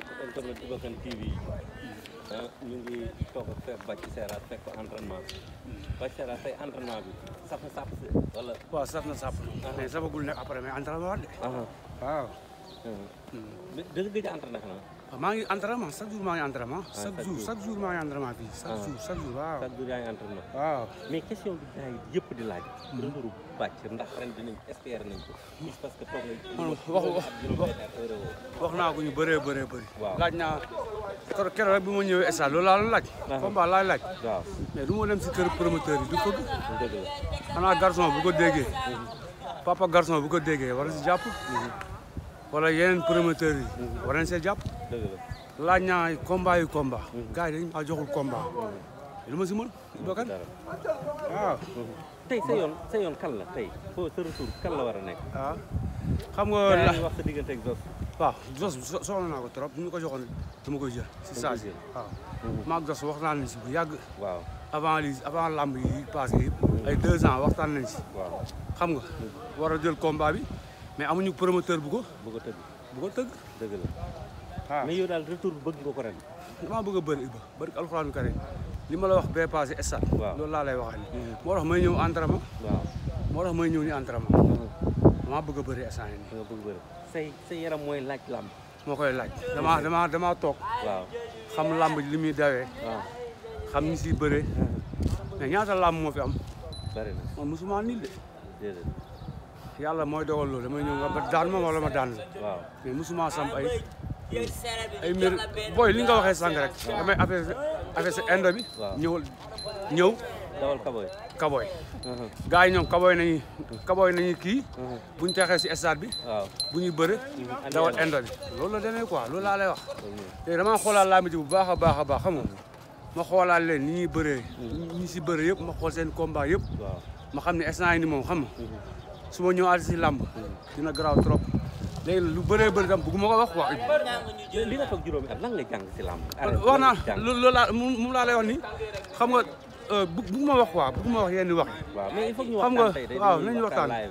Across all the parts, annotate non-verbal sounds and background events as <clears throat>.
mbokk internet bi Iba Kane TV ah, ñu ngi toog ak fekk Bathie Seras fekk ko entraînement bi Bathie Seras tey entraînement bi saf na sàpp si wala waaw saf na sàpp ah. mais safagul nag après mais entraînement waat de ah. waaw dëgg gëj a entraîné xanaa waaw ah, maa ngi entraînement chaque jour maa ngi entraînement. Ah, chaque jour chaque jour maa ngi entraînement fii. chaque ah. jour chaque jour waaw. chaque jour yaa ngi entraînement. waaw mais question bi gars yi yëpp di laaj. rëmbaru hmm. bàcc ndax ren dinañ espérer nañ ko. parce que toog nañ hmm, wax wax naa ko ñu bëree bëree bëri. laaj naa keroog keroog rek bi ma ñëwee stade loolu laa la laaj. combat laay laaj. waaw mais du ma dem si kër promoteur yi du ko. dëgg la xanaa garçon bu ko déggee. Hmm. papa garçon bu ko déggee war na si jàpp. wala yeneen promoteurs yi. war nañ see jàpp. dëgg la laaj naa combat yu combat. gars yi dañ lu ma si mën Bakar waaw. tey sa yoon sa la tey foo sa retour kan la war a nekk. ah xam nga. la wax sa diggante ak Zoss. waaw Zoss soxla naa ko trop ñu ko joxoon dama koy jël. si saa si waaw. Mhm. maag Zoss waxtaan nañ si bu yàgg. waaw avant avant lamb yi passé yëpp. ay deux waxtaan nañ si. waaw xam nga mhm. war a jël combat bi. mais amuñu promoteur bu ko. bu ko tëgg bu ko tëgg. dëgg la waaw ah. mais yow daal retour bëgg nga ko ren. damaa bëgg a bëri Iba bëri alxuraanu karim li ma la wax bee passé stade. waaw loolu laa lay waxee. Mm-hmm. moo tax may ñëw entraînement. waaw moo tax may ñëw ni entraînement. Mm-hmm. damaa bëgg bëri stade nii. dama bëgg a bëri yaram mooy laaj làmb. moo koy laaj damaa damaa damaa toog. waaw xam làmb li muy dawee. xam ni si bëree. <laughs> mais ñaata làmb moo fi am. bëri nii de. yàlla mooy dogal loolu damay ñëw nga daan ma wala ma daan la. waaw samp ay. ay mbir booy li nga waxee sànq rek. damay affaire affaire sa indo bi. waaw ñëw. dawal kaboy kaboy. Uh-huh. gars yi ñoom kaboy nañu kaboy kii. Uh-huh. bu ñu taxee si stade bi. bu ñuy bëre. Mm-hmm. dawal indo bi loolu la demee quoi loolu laa lay wax. te mm-hmm. damaa xoolaat laa mujj bu baax a baax a baax xam nga ma xoolaat leen ni ñuy bëree. Mm-hmm. ñi si bëree yëpp ma xool seen combat yëpp. ma xam ne instant yi ni moom xam su ma ñëw aat si làmb dina garaaw trop lu bëree bëri tam bëgguma wax wax. wax naa loolu laa moom ni xam nga euh, bëgguma wax quoi bëgguma wax yenn wax. waaw mais ñu waxtaan tey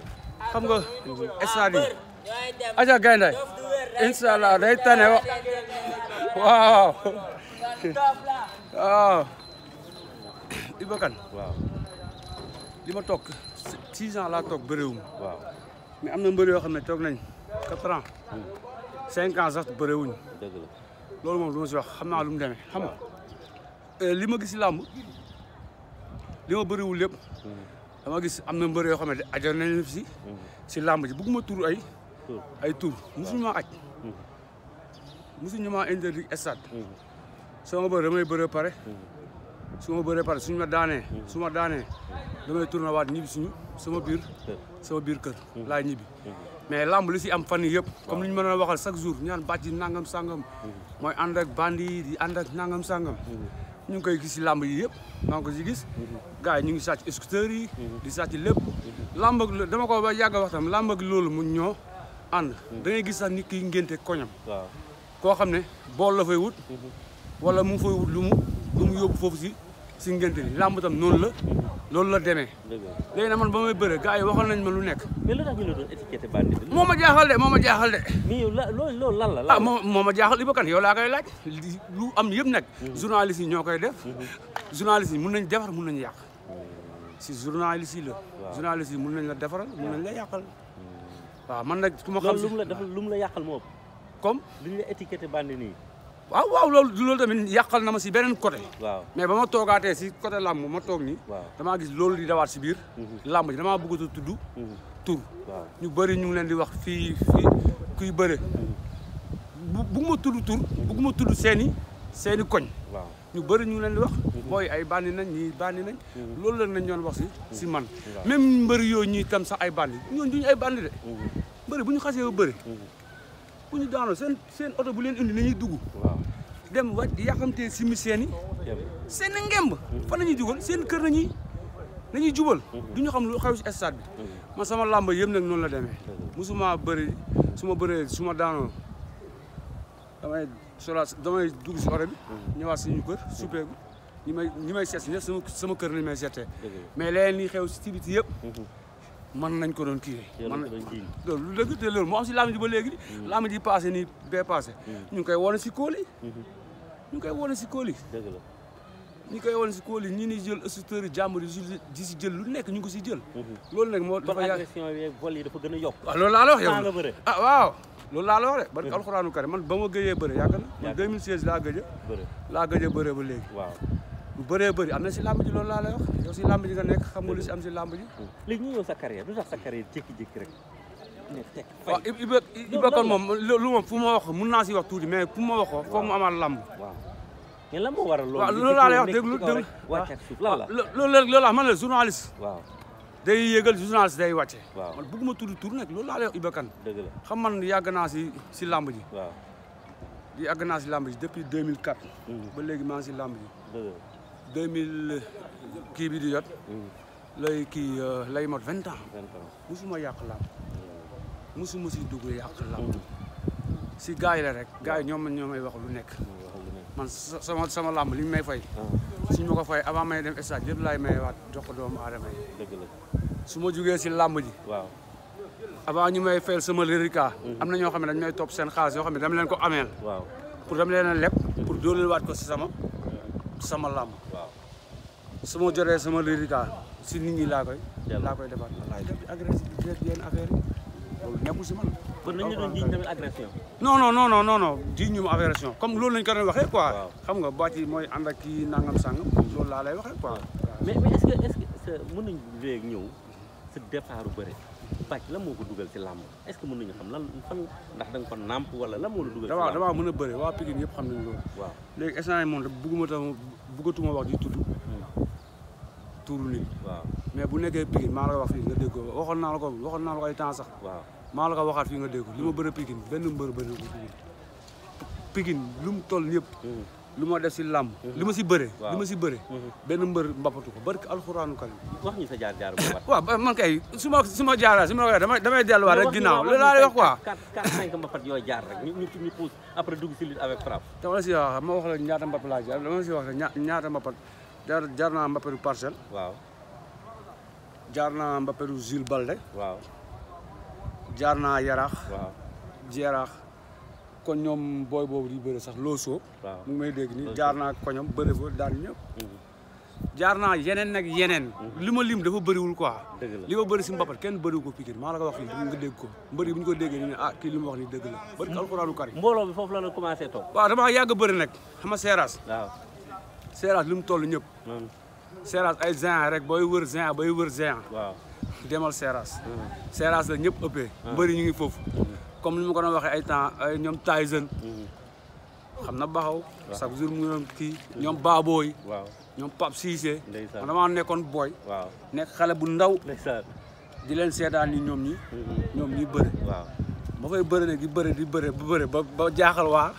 xam nga mhm. stade yi. Ah, aja gaynde incha day tane wa waaw waaw Iba li ma toog six ans laa toog bëriwuma. waaw mais am na mbër yoo xam ne toog nañ quatre ans. cinq ans sax bëriwuñ. loolu moom lu ma si wax xam naa lu mu demee xam nga. Euh, li ma gis làmb li ma bëriwul lépp. Hmm. dama gis am na mbër yoo xam ne ajoon nañu si. Hmm. si làmb ji bëgguma tur ay. ay tur mosuñu maa aj. mosuñu hmm. maa interdit sama bër damay bëree pare. su ma bëree pare suñu ma daanee hmm. su ma daanee damay tourné waat ñibbi suñu sama biir hmm. sama biir kër hmm. laay ñibbi mais lamb li si am fan yii yëpp comme li ñu ma a waxal chaque jour ñaan bàcc nangam sangam mooy ànd ak bandi yi di ànd ak nangam sangam ñu ngi koy gis si lamb yi yëpp maa ngi si gis gars yi ñu ngi sàcc scooters yi di sàcc lépp lamb ak dama ko ba yàgg a wax tam lamb ak loolu mu ñoo ànd da ngay gis sax ni ki ngénte koñam koo xam ne boo la fay wut wala mu ngi lu mu lu foofu si si ngénte li làmb tam noonu la loolu la demee léegi nag man ba may bëre gars yi waxoon nañ ma lu nekk mais lu tax ñu la doon étiqueté bandi bi moo ma jaaxal de moom ma jaaxal de mais yow lan la ah moo moo ma jaaxal Iba Kane yow laa koy laaj lu am yëpp nag mhm. journalistes yi ñoo koy def mhm. journalistes yi mun nañ defar mun nañu yàq mhm. si journalistes yi la journalistes yi mun nañ la defaral mun nañ la yàqal waaw man nag ku ma xam lu mu la defal lu mu la yàqal moo ëpp comme li ñu la étiqueté bandi nii waaw waaw loolu tamit yàqal na ma si beneen côté. waaw mais ba ma toogaatee si côté làmb ma toog nii. waaw damaa gis loolu di dawaat si biir. Mhm. làmb ji damaa bëgg a tudd. Mhm. tur ñu bëri ñu ngi leen di wax fii fii kuy bëre. Mhm. bu bëgguma tudd tur bëgguma tudd seen i seen i koñ. ñu bari ñu leen di wax. booy ay bandi nañ ñii bandi nañ. loolu la nañ doon wax si si man. même mbër yooyu ñuy tam sax ay bandi ñooñu duñu ay bandi de. mbëri bu ñu xasee ba bari bu ñu daanoo seen seen oto bu leen indi nañuy dugg. dem wa di yàqamtee si seen i seen i ngemb fan la ñuy jugal seen kër la ñuy la ñuy jubal du ñu xam lu xew si stade bi ma sama làmb yëpp nag noonu la demee musuma bëri su ma bëree su ma daanoo damay sola damay dugg si oto bi ñëwaat suñu kër suppeeku ñi may ñi may seet si ñëpp sama sama kër lañ may seetee mais leneen li xew si tibiti yëpp man nañ ko doon kiiwee. man loolu lu dëgg te mo am ci lamidi ba légui lamidi passé ni bé passé. ñu koy wane ci koli ñu koy wane ci koli yi. la ñu koy wane ci koli ñi ni jël instructeur yi jàmbur yi di si jël lu nekk ñu ko ci jël. lool nak mo dafa yaa agression yi vol yi dafa gëna yok yokk. waaw loolu la wax yow ah waaw. lool la la wax rek barke alcorane karim man bama gëyé bëre yàgg na. 2016 la gëjë bëre la gëjë bëre ba légui waaw bu bëree bëri am na si làmb ji loolu laa lay wax yow si làmb ji nga nekk xam nga lu si am si làmb ji. léegi ñu ñëw sa carrière lu tax sa carrière jékki-jékki rek. waaw Iba Iba Kane moom lu moom fu ma wax mun naa si wax tuuti mais fu ma waxoo foog mu amaat làmb. waaw mais lan moo waral loolu. waaw loolu laa lay wax déglu déglu waaw loolu la loolu la man la journaliste. waaw day yéegal journaliste day wàcce. waaw man bëgguma tudd tur nag loolu laa lay wax Iba Kane. dëgg la xam man yàgg naa si si làmb ji. waaw yàgg naa si làmb ji depuis 2004. Hmm. ba léegi maa ngi si làmb ji. deux mille kii bi di jot. Hmm. lay kii euh, lay mot vingt ans. vingt ans musuma yàq làmb. Hmm. musuma si dugg yàq làmb. Hmm. si gars yi la rek gars yi ñoom ñoo may wax lu nekk. man sama sama làmb li ñu may fay. Ah. suñ ma ko fay avant may dem stade yëpp laay may waat doomu aadama yi. dëgg la su ma jugee si làmb ji. waaw avant ñu may fayal sama lërika. am na ñoo xam ne dañ may topp seen xaalis yoo xam ne dama leen ko ameel. waaw pour dama leen a leb pour dóoleel waat ko si sama sama làmb. su ma joree sama résultat si nit ñi laa koy. laa koy defar wallaay def di agressé di def yenn affaire yi loolu nekkul si man. kon nañu doon jiñ tamit agression. non non non non non non jiñ ñu agression comme loolu lañ ko doon waxee quoi. xam nga bàcc mooy ànd ak kii nangam sàngam loolu laa lay waxee quoi. mais mais est-ce que est-ce que mën nañu léegi ñëw sa départ bu bëri bàcc la moo ko dugal si làmb est-ce que mën nañu xam lan fan ndax da nga ko nàmp wala la moo la dugal. damaa damaa mën a bëri waa Pikine yëpp xam nañ loolu. waaw léegi instant yii moom bëgguma tam bëggatuma wax di tudd. tuuru mais bu nekké Pikine ma la wax fi nga déggoo waxon na la ko waxon na la ko ay temps sax waaw maa la ko waxat fi nga dégg li ma bëri Pikine benn mbeur bëri ko Pikine Pikine lu toll ñep hmm. luma def ci lamb li hmm. ci si bëre li ma bëre hmm. benn mbeur mbappatu ko barki alcorane kan wax ñu sa jaar jaar bu waaw man kay suma suma jaar suma jaara dama ma ko damay damay delluwaat rek ginaaw la lay wax quoi 4 5 mbappat yooyu jaar rek ñu ñu ñu pousse après dugg ci lit avec frappe taw la ci wax ma wax la ñaata mbappat la jaar dama ci si wax ñaata mbappat jaar jaar naa Mbappé du Parcelles. waaw. jaar naa Mbappé du Jules Balde. waaw. jaar naa Yaraax. waaw Yaraax. kon ñoom booy boobu di bëre sax loosoo. waaw mu may dégg nii jaar naa ko ñoom bëre ba daan ñëpp. Mhm. jaar naa yeneen nag yeneen. Mhm. li ma lim dafa bëriwul quoi. li ma bëri si Mbapat kenn bëriwu ko Pikine maa la ko wax nii nga dégg ko mbëri ko déggee ne ah kii li ma wax ni dëgg la. barke mhm. alxuraanu kari. mbooloo bi foofu la la commencé toog. waa damaa yàgg bëri nag xam nga seeraas. Seras lu mu toll ñëpp. Hmm. Seras ay géant rek booy wër géant booy wër géant. waaw demal Seras. Hmm. Seras la ñëpp ëppee. Hmm. mbëri ñu ngi foofu. comme ni ma ko doon waxe ay temps ñoom ñoom Tyson. xam na baxaw chaque jour mu ngi ñoom Baboy. waaw ñoom Pape Cissé. ndeysaan man damaa nekkoon booy. waaw nekk xale bu ndaw. di leen seetaan ni ñoom ñi ñoom ñi bëre. waaw ma fay bëre di bëre di bëre bu bëre ba ba jaaxal waa.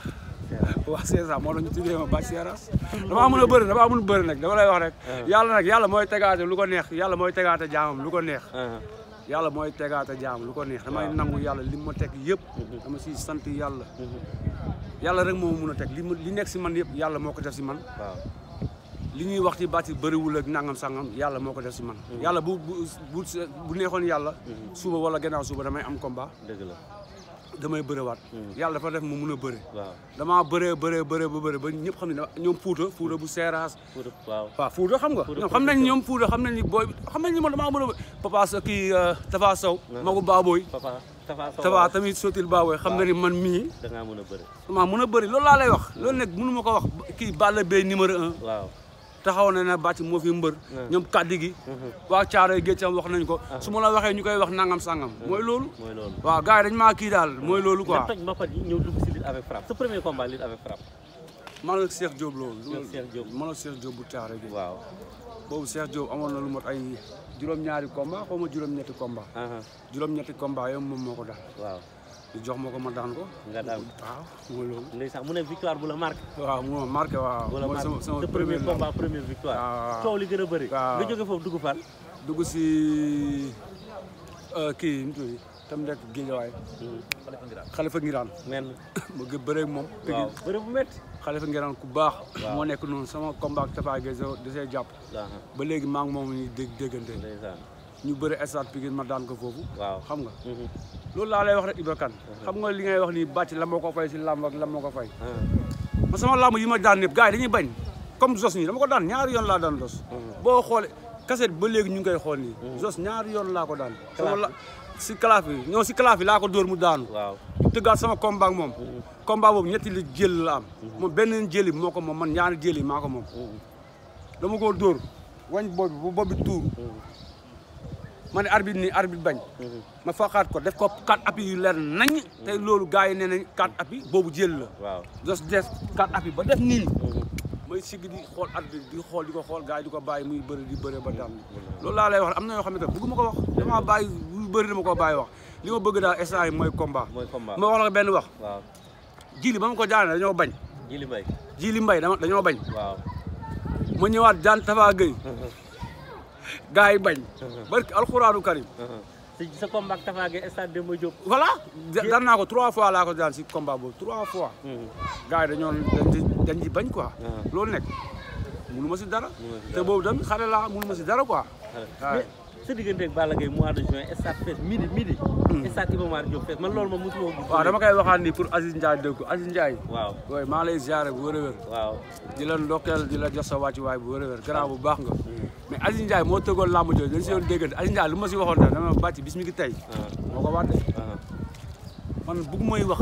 wax c'est moo tax ñu tuddee ma Bathie Seras damaa mën a bëri damaa mën a bëri nag dama lay wax rek uh-huh. yàlla nag yàlla mooy tegaate lu ko neex yàlla mooy tegaate jaamam lu ko neex uh-huh. yàlla mooy tegaate jaam lu ko neex damay nangu yàlla li ma teg yëpp uh-huh. dama si sant yàlla yàlla rek moo mun a teg li li nekk si man yëpp yàlla moo ko def si man li ñuy wax ci Bathie bëriwul ak nangam sangam yàlla moo ko def si man yàlla bu bu bu neexoon yàlla suba wala gannaaw suba damay am combat dëgg la damay waat hmm. yàlla dafa def mu mun a bëre. waaw damaa bëree bëree bëree ba bëre ba ñëpp xam ne ñoom Fouta Fouta bu Seeraas. Fouta waaw waaw Fouta xam nga. ñoom xam nañ xam nañ ni booy xam nañ ni man damaa mën a. Papa sa kii euh, Tafa Sow. Ah. magu Baboy. Papa Tafa Sow Tafa tamit Sotil Baboy xam na ni man mii. da ngaa mën a bëre. damaa mën a bëre loolu laa lay wax. loolu nag mënu ma ko wax kii Balla Beye numéro un. waaw. taxaw na ne bàcc moo fi mbër ñoom kàddu gi mm-hmm. waaw caaroy géej sam wax nañ ko ah. su ma la waxee ñu koy wax nangam sangam mooy loolu waaw gars yi dañ maa kii daal mooy loolu quoi toj mbapat yi ñëw dugg si lutte avec frappe man ak Cheikh Diop loolu man ak Cheikh Diop bu caaroy géej waaw boobu Cheikh Diop amoon na lu mot ay juróom-ñaari combat xaw ma juróom-ñetti combat uh-huh. juróom-ñetti combat yow moom moo ko daal waaw jox ma ko ma daan ko. nga daan sax mu ne victoire bu la marqué. waaw mu marqué waaw. mooy sama sama premier combat première victoire. waaw coow li gën a bëri. nga jóge foofu dugg fan. dugg si euh, kii yi mu tudd tam nekk gi Khalifa Ngiraan Khalifa Ngiraan. moom. waaw bu métti. Khalifa Ngiraan ku baax. moo nekk noonu sama combat ak Tapha Guèye da see jàpp. ba léegi maa moom ñu dégg déggante. ñu bëri stade Pikine ma daan ko foofu. waaw xam nga. Mhm. loolu laa lay wax rek Ibra Kane xam nga li ngay wax nii bàcc la moo ko fay si làmb ak la moo ko fay. Ah. ma sama làmb yi ma daan ñëpp gars yi dañuy bañ comme Zos nii dama ko daan ñaari yoon laa daan Zos. Mhm. boo xoolee kaset ba léegi ñu ngi koy xool nii. Mhm. Zos ñaari yoon laa ko daan. sama la si kalaaf yi non si kalaaf yi laa ko dóor mu daanu. waaw tëggaat sama combat moom. combat boobu ñetti li jël laam am. moom benn jëli moo ko moom man ñaari jëli maa ko moom. dama koo door wañ boobu bu boobu tuur ma ne arbitre nii arbitre bañ. ma faqaat ko def ko quatre appuis yu leer nañ. te loolu gars yi nee nañ quatre appuis boobu jël la. waaw dos des quatre appuis ba def nii. may sigg di xool arbitre di xool di ko xool gars yi di ko bàyyi muy bëri di bëri ba daan loolu laa lay wax am na yoo xam ne que bëgguma ko wax damaa bàyyi lu bëri dama ko bàyyi wax li bëgg daal instant yi mooy combat. mooy combat ma wax wax. waaw jili ba ma ko daanee dañoo bañ. jili mbay jili mbay dañoo bañ. waaw ma ñëwaat daan Tafa <laughs> gars yi bañ. barki alxuraanu karim. sa combat ak Tafa Gueye stade Demba Diop. naa ko trois fois laa ko daan si combat boobu trois fois. gars yi dañoo dañ di bañ quoi. Ah. loolu nekk mënu ma si dara. te boobu tamit xale laa mënu ma si dara quoi. sa diggante ak Balla Gaye mois de juin stade fees midi midi. Hmm. stade Iba Mar Diop fees man loolu moom mosuma ko. waaw dama koy waxaat nii pour Aziz Ndiaye dégg ko Aziz Ndiaye. waaw waaye maa lay ziare bu wër a wër. waaw di la ndokkeel di la jox sa wàccuwaay bu wër a wër grand bu baax nga. Hmm. mais Aziz Ndiaye moo tëggoon làmb jooju dañ si doon déggante Aziz Ndiaye lu ma si waxoon daal dama bàcc bis mi ngi tey. Ah. moo ko wàtte. Ah. man bëgg mooy wax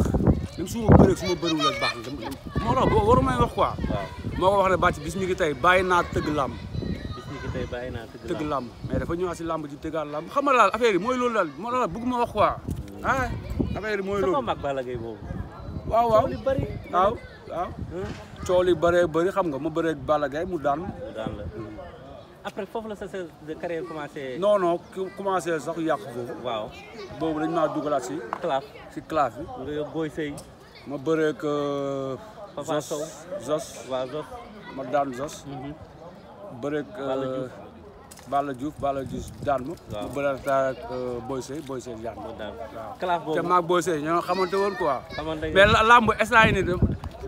même su ma bëree su ma bëriwul baax nga. moo tax warumay wax quoi. waaw moo ko wax ne bàcc bis mi ngi tey bàyyi naa tëgg làmb tey bàyyi naa tëgg làmb mais dafa ñëwaat si làmb di tëggaat làmb xam nga daal affaire yi mooy loolu daal moo daal bëgguma wax quoi hmm. ah affaire yi mooy loolu waaw waaw waaw waaw coow hmm? xam nga ma bëree Balla mu daan mu daan hmm. foofu la sa commencé. non non commencé sax yàq foofu. waaw boobu dañ maa dugalaat si. classe si classe bi. nga yóbbu ma bëreeg. Euh, Papa Sow Zos Zos. waaw Zos. ma daan Zos. bëreeg. Euh, Balla Diouf Balla Diouf daan ma. waaw mu bëre ak euh, Boy Seye Boy Seye daan ma. classe boobu te maag Boy Seye ñoo xamante woon quoi. xamante mais làmb instant yii nii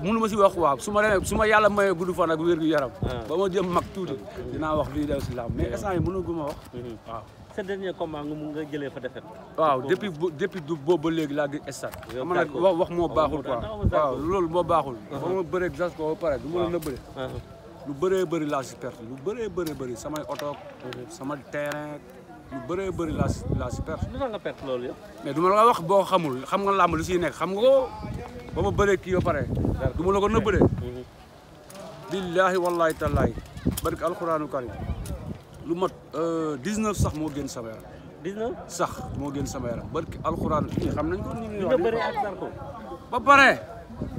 mënu ma si wax waaw su ma demee su ma yàlla mayee gudd fan ak wér gu yaram. Ah. ba ma jëm mag tuuti. dinaa wax lii daw si làmb mais instant yii mënu ma wax mm-hmm. waaw. jëlee fa defet waaw depuis depuis du boobu ba léegi laa gis stade. xam wax moo oh, baaxul quoi. waaw loolu moo baaxul. Uh-huh. ba ma bëreeg Zarko ba pare du ma la nëbbale. Uh-huh. lu bëree bëri laa si perte lu bëree bëri bëri samay oto sama terrain lu bëree bëri laa si laa si perte. lu tax nga perte loolu yëpp. mais du ma la wax boo xamul xam nga làmb lu siy nekk xam nga ko ba ma bëree kii ba pare. du ma la ko nëbëree. billaahi wallaahi tallaahi barke alxuraanu karim lu mat 19 euh, sax moo gën sama yaram. 19 sax moo gën sama yaram barke alxuraan kii xam nañ ko ni ñu bëree ak Zarko ba pare.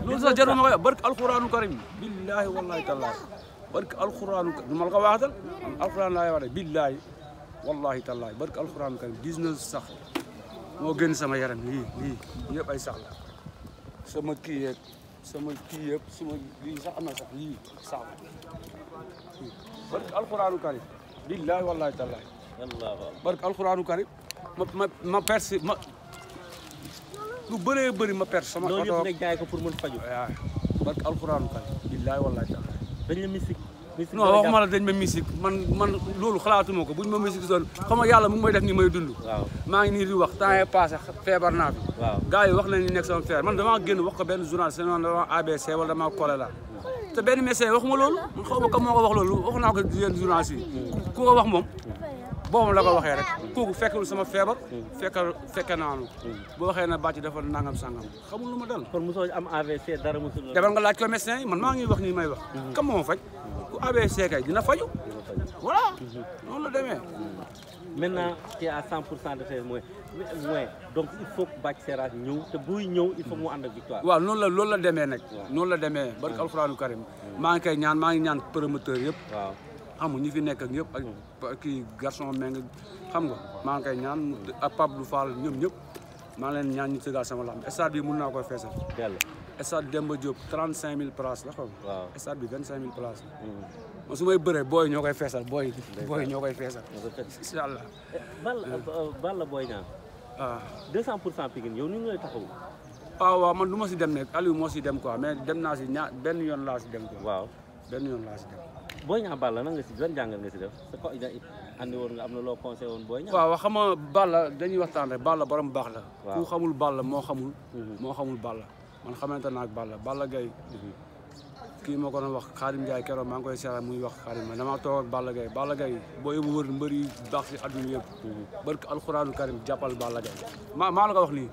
loolu sax jarul ma koy barke alxuraanu karim billaahi wallaahi tallaahi برك القرآن الملقى واحدا القرآن لا يوارد بالله والله تعالى برك القرآن كان بزنس صح مو جن سما يرن لي لي يب أي صح سما كي سما كيب سما لي صح انا صح لي صح برك القرآن الكريم بالله والله تعالى الله برك القرآن الكريم ما ما ما بيرسي ما لو بري بري ما perte sama oto loolu نك جاي كو فور مون فاجو آه. faju القران alxuraanu بالله والله تعالى dañ la mystique. mystique non waxuma la dañ ma mystique man man loolu xalaatuma ko buñ ma mystique soon xam nga yàlla mu ngi may def nii may dund. maa ngi nii di wax temps yii passé feebar naa fi. waaw gars wax nañ ni nekk sama feer man damaa génn wax ko benn journal seen woon damaa ABC wala damaa choléra. te benn médecin waxuma loolu man xaw a ko moo ko wax loolu wax naa ko yenn journal yi ku ko wax moom boo la ko waxee rek. kooku fekkul sama feebar. Hmm. fekkal fekke naanu. Hmm. boo waxee na bàcc dafa nangam sangam xamul lu ma dal. kon mosoo am AVC dara mosul. demal nga laaj ko médecin man maa ngi wax nii may wax. Hmm. kam moo faj ku AVC kay dina faju voilà noonu la demee. maintenant tu es à de tes moyens moyens donc il faut que Bathie Seras ñëw ñëw il mu ànd ak victoire. waaw noonu la loolu la demee nag. noonu la demee barke alxuraanu karim maa ngi koy ñaan maa ngi ñaan promoteur yëpp. waaw. xam nga ñi fi nekk ak ñëpp ak kii garçon meng xam nga maa ngi koy ñaan ak Pape Lou Fall ñoom ñëpp maa leen ñaan ñu tëggaat sama lamb stade bi mën naa koy feesal stade Demba Diop trente cinq mille places la xam nga stade bi vingt cinq mille places man mm-hmm. su may bëree booy ñoo koy feesal booy booy ñoo koy feesal incha allah eh, bal euh. Euh, euh, bal la booy ñaan waaw ah. deux cent pour cent Pikine yow ñu ngi lay taxaw waaw ah, waaw man du ma si dem nekk Aliou moo si dem quoi mais dem naa si ñaar benn yoon laa si dem quoi waaw benn yoon laa si Boy Niang Balla nan nga si lan jàngal nga si def sa woon nga am na loo woon Boy Niang. waaw xam baal Balla dañuy waxtaan rek Balla borom baax la. ku xamul baal la moo xamul. Mhm. moo xamul Balla man xamante na ak Balla Balla Gaye mhm. kii moo ko doon wax Xaadim Ndiaye keroog maa ngi koy seera muy wax Xaadim ma damaa toog ak Balla Gaye Balla Gaye boo yóbbu wër mbër yi baax si àdduna yëpp mhm. barke alxuraanu karim jàppal Balla Gaye maa maa la ko wax lii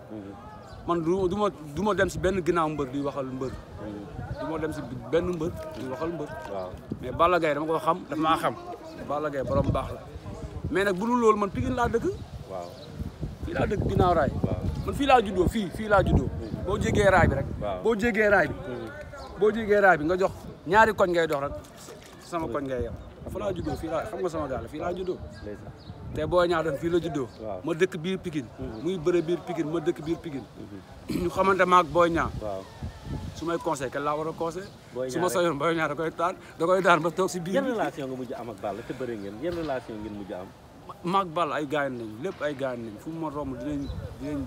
man du duma duma dem ci benn ginnaaw mbeur di waxal mbeur duma dem ci benn mbeur di waxal mbeur waaw mais Balla gay dama ko xam dama xam. Balla gay borom bax la mais nak bu dul loolu man pigine la deug waaw fi la deug ginnaaw raay. man fi la juddo fi fi la juddo bo jégué ray bi rek. bo jégué ray bi. Hmm. bo jégué ray bi nga jox ñaari koñ ngay dox rek sama koñ ngay yem. fa la juddo fi la xam nga sama gaal fii laa juddoo. te Boy Niang dañ fii la juddoo ma dëkk biir Pikine mhm. muy bëre biir Pikine ma dëkk biir Pikine mhm. ñu xamante maak booy Boy Niang su may conseil kan laa war a conseil su ma sañoon Boy Niang da koy daan da koy daan ba toog si biir yan relation nga mujj am ak Balla te bëre ngeen yan relation ngeen mujj am ay gaañ nañ lépp ay gaañ nañ fu ma romb dinañ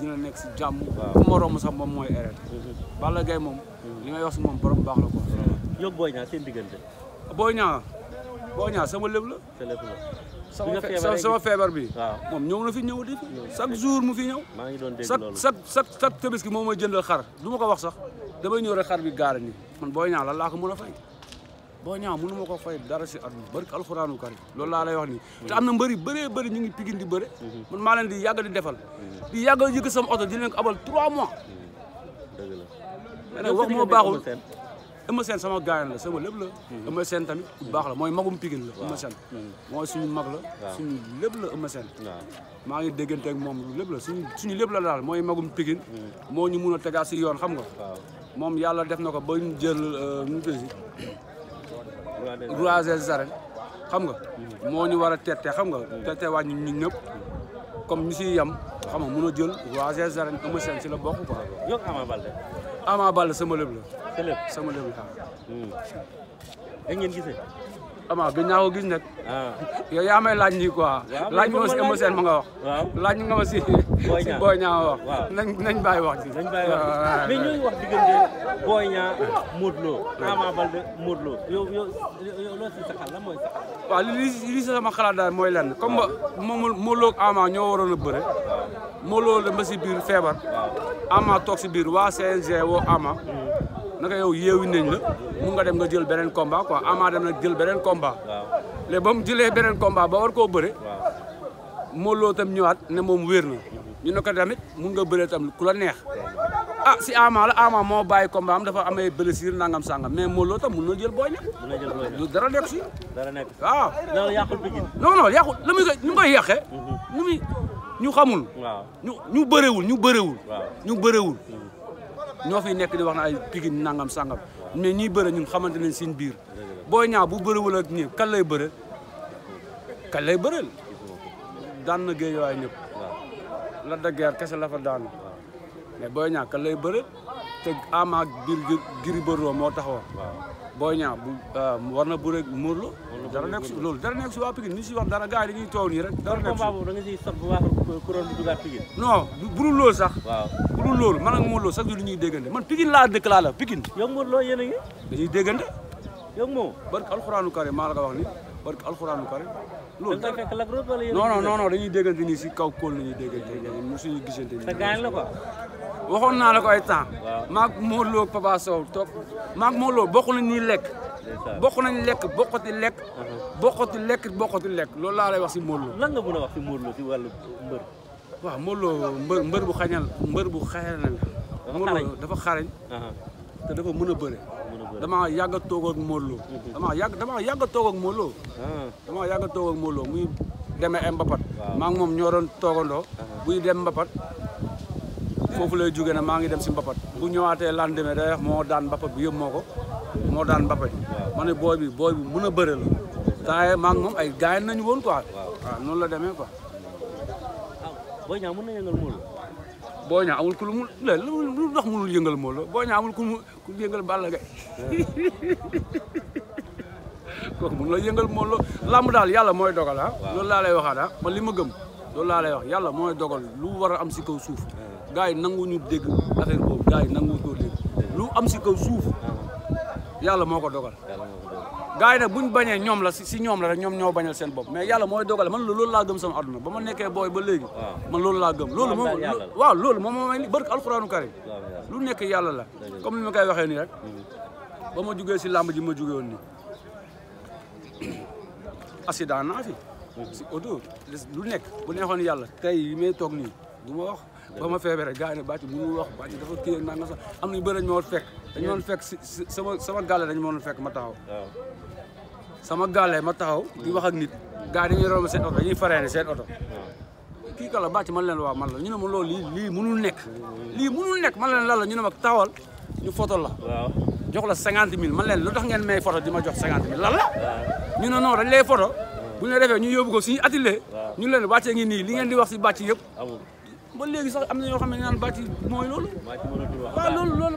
dina nekk si jàmm fu ma romb sax moom mooy eret mhm. Balla Gaye moom li may wax si moom borom baax la ko yow Boy Niang seen diggante booy Niang Boy Niang sama lépp la sama feebar bi moom ñëw na fi ñëw di fi chaque jour mu fi ñëw chaque chaque chaque chaque tabaski moom mooy jëndal xar du ma ko wax sax damay ñëw rek xar bi gaara ni man booy ñaaw lan laa ko mën a boo booy ñaaw nu ma ko fay dara si àdduna barke alxuraanu kari loolu laa lay wax nii te am na mbëri bëree bëri ñu ngi pigin di bëre mhm. man maa leen di yàgg di defal mhm. di yàgg yëkk sama oto di leen ko abal trois mois mhm. dëgg la wax moo baaxul Eumeu Sène sama gaayan la sama lépp la. Hmm. Eumeu Sène tamit baax la mooy magum Pikine la. Eumeu Sène hmm. mooy suñu mag la. suñu lépp la Eumeu Sène. maa ngi déggante moom lépp la suñu lépp la daal mooy magum Pikine. Hmm. moo ñu mun a tegaat si yoon xam nga. moom yàlla def na ko ba ñu jël euh, nu mu roi des arènes xam nga. moo ñu war a tette xam nga. tette waa ñu ñun ñëpp. comme ñu siy yem. xam nga mun a jël roi des arènes Eumeu Sène si la bokk quoi. ñoo ko Ama Baldé sama lépp la. lépp sama lépp la. Hmm. ngeen gisee. ama gën naa ko gis nag. Ah. yow yaa may laaj nii quoi. laaj nga ma nga wax. laaj nga ma si. Boy Niang Boy Niang wax. waaw nañ nañ wax ji. nañ wax ji mais ñooñu mooy saxal. waaw li li si sama xalaat daal mooy lenn comme moom Modou Lo ñoo waroon a bëre. Modou Lo dem ba si biir feebar. Ama toog si biir waa CNG woo Ama. Mm. naka yow yeewi nañ la mun nga dem nga jël beneen combat quoi Ama dem nag jël beneen combat. waaw ba mu jëlee beneen combat ba war koo bëre. waaw Modou Lo tam ñëwaat ne moom wér na. ñu ne ko tamit mun nga bëre tam ku la neex ah si Ama la Ama moo bàyyi combat am dafa am ay blessure nangam sangam mais Modou Lô tam mun na jël Boy Niang du dara nekk la muy ñu koy yàqee ñu mhm. muy ñu xamul ñu ñu bëréwul ñu bëréwul ñu bëréwul mhm. ñoo fi nekk di wax naa ay nangam sangam mais ñiy bëre ñun xamante nañ seen biir boo Niang bu bëréwul ak ñëpp kan lay bëre kan lay bëreel daan na géej waay ñëpp Lac de Guiers kese la fa daanu mais Boy Niang kan lay bëre te Ama ak Gris Gris Bordeaux moo taxawoon. Boy ñaa bu euh, war na bëre Modou Lô. dara nekk si loolu dara nekk si waa si wax dara gars yi dañuy toog nii rek. dara nekk si combat boobu sax. waaw bu dul loolu man ak Modou sax du ñuy déggante man Pikine laa dëkk laa la Pikine. yow Modou Lô ngi. dañuy déggante. yow moom barke alxuraanu karim maa la ko wax ni barke alxuraanu karim loolu dañ koy fekk Lac Rose wala yéen non non non dañuy déggante si kaw kóol la ñuy déggante nii mosuñu gisante nii. te ko. waxoon naa la ko ay temps. waaw maag Modou Papa Sow toog maag Modou Lo bokk nañ ñuy lekk. bokk nañ lekk bokkati lekk. Uh-huh. bokkati lekk bokkati lekk loolu laa lay wax si Modou Lo. lan nga mën a wax si Modou Lo si wàllu mbër. waaw Modou mbër bu xañal mbër bu xañal la. dafa xarañ dafa xarañ. Uh-huh. te dafa mun a bëre. damaa yàgg a toog ak Modou Lo. damaa yàgg damaa yàgg a toog ak Modou Lo. Ah. damaa yàgg a toog muy demee ay mbapat. waaw maa ah. buy dem mbapat foofu lay jógee na maa ngi dem si mbapat. bu ñëwaatee lan deme day moo daan mbapat bi yëpp moo ko moo daan mbapat bi. ma ne booy bi booy bi mën a bëre la. temps maa ngi ay gaañ nañu woon quoi. waaw ah, la demee quoi. boo ñaa amul ku lu mu la lu ndox mënul yëngal moo la boo ñaa amul ko mu yëngal Balla <laughs> kooku mun la yëngal moo la làmb daal yàlla mooy dogal a ah. loolu laa lay waxaat ah man li ma gëm loolu laa lay wax yàlla mooy dogal lu war a am si kaw suuf eh. gars yi nanguñu dégg affaire boobu gars yi nanguñu koo eh. lu am si kaw suuf eh. yàlla moo ko dogal gars yi nag buñ bañee ñoom la si ñoom la rek ñoom ñoo bañal seen bopp mais yàlla mooy dogale man loolu laa gëm sama àdduna ba ma nekkee booy ba léegi man loolu laa gëm loolu moom waaw loolu moom moo may li barke alxuraanu nekk yàlla la comme ni ma koy waxee nii rek mhm. ba ma jugee si làmb ji ma jugee woon nii <clears throat> accident naa mhm. lu nekk bu neexoon yàlla tey yi may toog nii du wax ba ma feebaree gars yi ne bàcc mënul wax bàcc dafa kii naan na sax am nañu bëri dañu ma fekk dañu ma fekk si sama sama gàlle dañu ma fekk ma taxaw sama gàllee ma taxaw di wax ak nit gars dañuy romb seen oto dañuy freiné seen oto hmm. kii ka la bàcc man leen waaw man la ñu ne ma loolu lii lii mënul nekk lii mënul nekk man leen lan la ñu ne ma taxawal ñu photo la jox la cinquante mille man leen lu tax ngeen may photo di ma jox cinquante mille lan la ñu ne non dañ lay photo bu ñu defee ñu yóbbu ko si suñu le ñu leen bàccee ngi nii li ngeen di wax si bàcc yëpp ma léegi sax am na ñoo xam ne naan bàcc mooy loolu waaw loolu loolu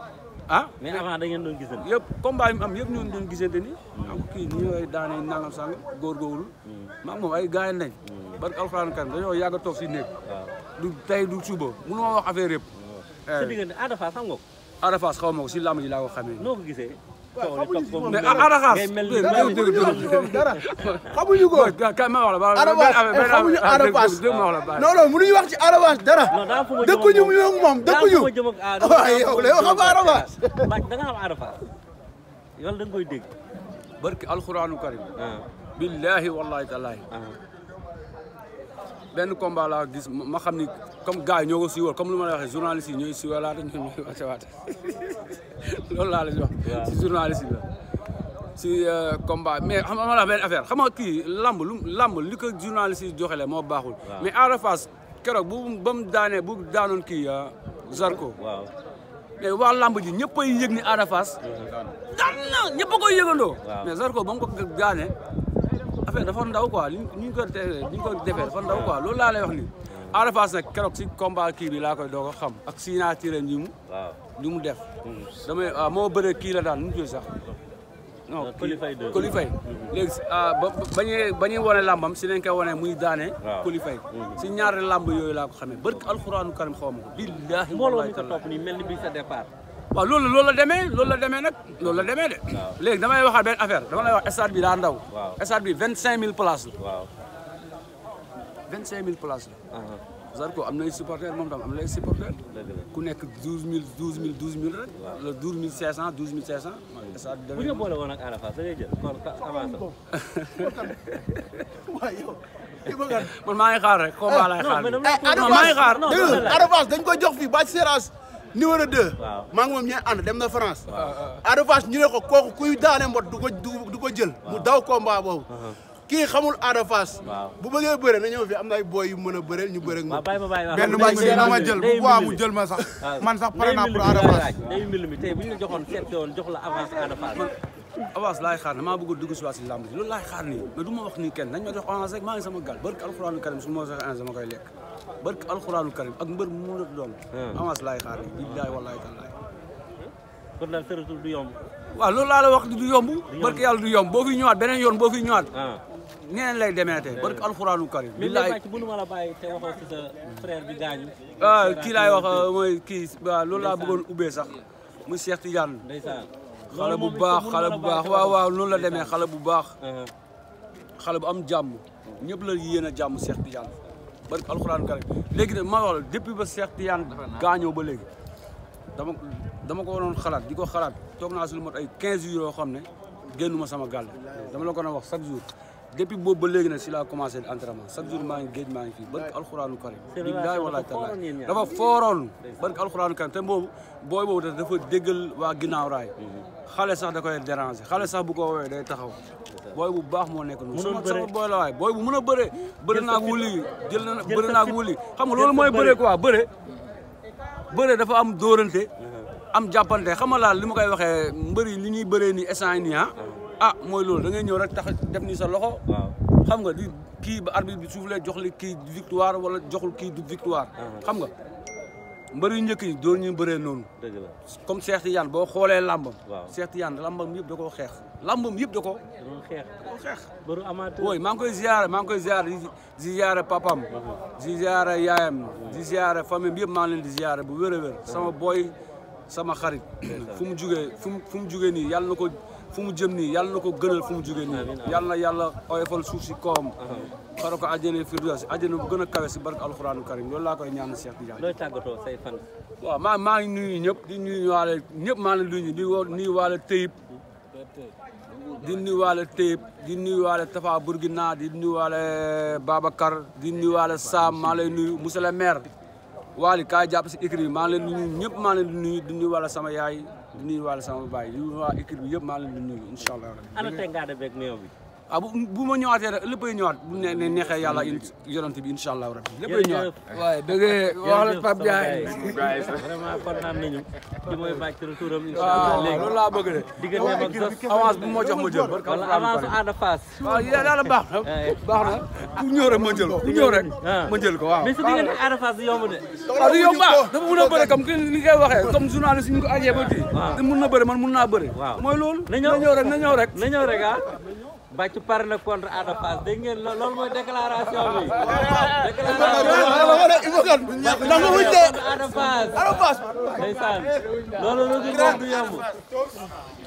ah mais avant da ngeen doon gisante. yëpp combat yi mu am yëpp ñoo doon gisante ni. donc ah, kii ñi ñooy daanee nangam sàng góorgóorlu. Hmm. maam ay gars yi nañ. Hmm. barke kan dañoo yàgg a si néeg. du tey du suba mënu ma wax affaire yëpp. Hmm. sa diggante Ada Fass xam nga ko. Ada Fass xaw ma ko si làmb ji laa ko xamee. noo ko gisee. mais Araxas dara <laughs> xamuñu ko xamuñu Araxas non non mënuñu wax ci Araxas dara dëkkuñu mu ak moom dëkkuñu <laughs> waaw yow lay wax am Araxas da nga am Araxas yow da nga koy dégg barki alxuraanu karim ah. billahi wallahi tallahi ah. benn combat laa gis ma xam ni comme gars yi ñoo ko lu ma la waxee journaliste yi ñooy siiwalaate ñoom si journaliste yi la si euh, combat mais xam la benn affaire xam nga kii lamb lu lamb li ko journaliste yi joxele moo baaxul. mais Ada Fass keroog bu ba mu daanee bu daanoon kii euh, Zarko. waaw waa lamb ji ñëpp a yëg ni Ada Fass. daan na ñëpp a koy yëgandoo. mais Zarko dafa ndaw ko loolu laa lay wax Ada Fass nak kérok si combat kii bi laa koy doog a xam ak signature yi mu. waaw li mu def. damay moo bëre kii la daan nu mu tudd sax. non Coly Faye de Coly Faye. léegi ba ba làmbam si nañ koy wane muy daane. waaw Coly Faye. si ñaari làmb yooyu laa ko xamee barke alxuraanu karim xaw ma ko. billaahi mbooloo mi ko topp nii mel ni bi sa départ. waaw loolu loolu la démé loolu la démé nag loolu la demee de. léegi damay waxaat benn affaire dama lay wax stade bi daa ndaw. stade bi vingt places la. 25 000 places 12 ah, ah. Zarko am na des supporters moom tam am supporters. ku 12000 12000 12000 rek. le 12500 12500. ça da ngay jël <laughs> <laughs> xaar rek combat eh, laay xaar. non eh, xaar dañ ko jox ba Seras numéro 2. je ngi moom ñu ànd dem na France. ñu ne ko mbot du ko du ko jël. mu daw combat ki xamul Ada fas bu beugé beuré na ñëw fi am ay boy yu mëna a ñu beuré ngi benn ba ci dama jël bu boobaa mu jël ma sax man sax paré na pour Ada fas day mbir mi tay bu ñu la joxoon seet woon jox la avance Ada fas awas lay xaar ne maa bëgg dugg ci wasi lamb ji lay xaar ni mais duma wax ni kenn nañ ma jox avance rek ma ngi sama gal barke alxuraanu karim su mo sax avance sama koy lek barke alxuraanu karim ak mbër mu la doon hmm. avance lay xaar ni billahi wallahi tallaay kon la sa du yomb wa loolu laa la wax du yomb barke yalla du yomb bo fi ñëwaat benen yoon bo fi ñëwaat hmm. neen lay demeete barke alxuraanu karim billaay bu ma la bàyyi te waxoo ci sa bi gaañu ah kii laay wax euh, mooy kii waaw loolu laa bëggoon ubbee sax muy Cheikh Tidiane ndeysaan xale bu baax xale bu baax waaw waaw noonu la demee xale bu baax uh-huh. xale bu am jàmm ñëpp la yéen a jàmm Cheikh Tidiane barke alxuraanu karim léegi nag ma wax la depuis ba Cheikh Tidiane gaañoo ba léegi dama dama ko waroon xalaat di ko xalaat toog naa si lu mot ay 15 jours xam ne génn ma sama gàll dama la ko na wax chaque jours depuis boobu ba léegi nag si laa commencé entraînement chaque jour maa ngi géej maa ngi fii barke alxuraanu karim billaay walaay tallaay dafa fooroon barke alxuraanu karim te boobu booy boobu dafa déggal waa ginnaaw raay mhm. xale sax da koy déranger xale sax bu ko woowee day taxaw booy bu baax moo nekk noonu sama sama booy la waay booy bu mën a bëre bëri naag wuli jël na bëri naag wuli xam nga loolu mooy bëre quoi bëre bëre dafa am dóorante mhm. am jàppante xam nga laal li ma koy waxee mbëri li ñuy bëree nii instant ah mooy loolu da ngay ñëw rek tax def ni sa loxo. xam nga di kii ba arbitre bi suuf lay jox li kii victoire wala joxul kii du victoire. Uh-huh. xam nga mbër yu njëkk yi doon ñu bëree noonu. dëgg la comme Cheikh Tidiane boo xoolee làmbam. waaw Cheikh Tidiane làmbam yëpp da koo xeex. làmbam yëpp da koo. da koo xeex da wooy maa ngi koy ziare maa ngi koy ziare di ziare papam uh-huh. di ziare yaayam. Uh-huh. di ziare famille bi yëpp maa leen di ziare bu wér a wér. sama booy sama xarit. fu mu jugee fu mu fu mu jugee nii yàlla na ko. fu mu jëm nii yàlla na ko gënal fu mu jógee nii yàlla na yàlla oyofal suuf si koom xara ko àjjana firdaws àjjana bu gën a kawe si barke alxuraanu karim loolu laa koy ñaan Cheikh Tidiane looy tàggatoo say fan waaw maa maa ngi nuyu ñëpp di nuy waale ñëpp maa ngi nuyu di nuyu waale Tëyib di nuyuwaale Téyib di nuyuwaale Tafa Burkina di nuyuwaale Babacar di nuyuwaale Sam maa lay nuyu monsieur le maire Waly kaay jàpp si écrit maa ngi leen di nuyu ñëpp maa leen di nuyu di nuyuwaale sama yaay di nuyu wàllu sama baay di nuyu waa équipe bi yëpp maa leen di nuyu incha allah. ana tey ngaa def beeg néew bi. waaw ah, bu bu ma ñëwaatee rek léppay ñëwaat bu ne ne neexee yàlla yonent bi allah rabbi léppay ñëwaat. waaw dëgg <laughs> wax la Pape Ndiaye. vraiment kontaan nañu. di mooy bàcc retouram incha ah, allah léegi loolu laa bu ma jox ma jël. wala avance Ada Fass. waaw yàlla baax na eh. baax ma jël ko ku ñëw rek. Ah. ma jël ko mun a bëre comme ba kii. waaw te na bëre man mun naa bëre. waaw mooy loolu. na rek na ñëw rek bàcc pare na contre Ada Fass dégg ngeen loolu mooy déclaration bi. <laughs> déclaration bi Ada Fass ndeysaan loolu lu du yomb